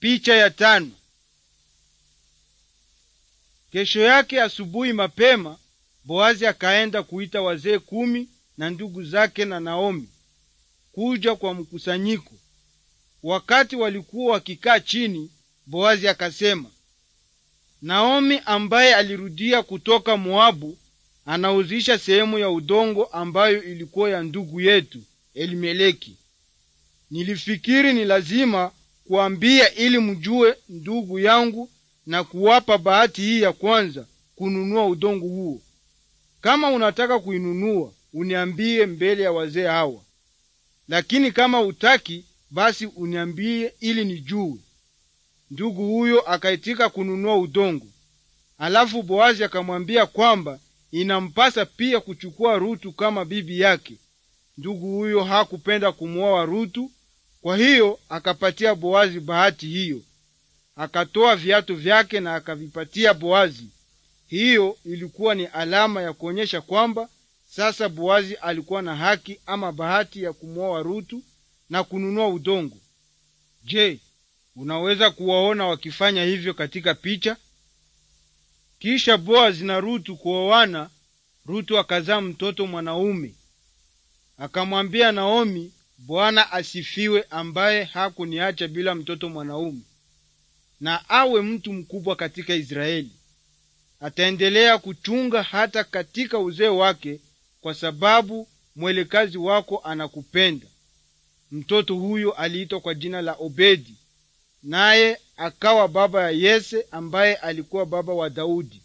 Picha ya tano. Kesho yake asubuhi mapema, Boazi akaenda kuita wazee kumi na ndugu zake na Naomi kuja kwa mkusanyiko. Wakati walikuwa wakikaa chini, Boazi akasema, Naomi ambaye alirudia kutoka Moabu anauzisha sehemu ya udongo ambayo ilikuwa ya ndugu yetu Elimeleki. Nilifikiri ni lazima kuambia ili mjue ndugu yangu, na kuwapa bahati hii ya kwanza kununua udongo huo. Kama unataka kuinunua uniambie mbele ya wazee hawa, lakini kama utaki basi uniambie ili nijue. Ndugu huyo akaitika kununua udongo. Alafu Boazi akamwambia kwamba inampasa pia kuchukua Rutu kama bibi yake. Ndugu huyo hakupenda kumwoa Rutu, kwa hiyo akapatia Boazi bahati hiyo, akatoa viatu vyake na akavipatia Boazi. Hiyo ilikuwa ni alama ya kuonyesha kwamba sasa Boazi alikuwa na haki ama bahati ya kumwoa Rutu na kununua udongo. Je, unaweza kuwaona wakifanya hivyo katika picha? Kisha Boazi na Rutu kuoana, Rutu akazaa mtoto mwanaume. Akamwambia Naomi Bwana asifiwe, ambaye hakuniacha bila mtoto mwanaume, na awe mtu mkubwa katika Israeli. Ataendelea kuchunga hata katika uzee wake, kwa sababu mwelekazi wako anakupenda. Mtoto huyo aliitwa kwa jina la Obedi, naye akawa baba ya Yese ambaye alikuwa baba wa Daudi.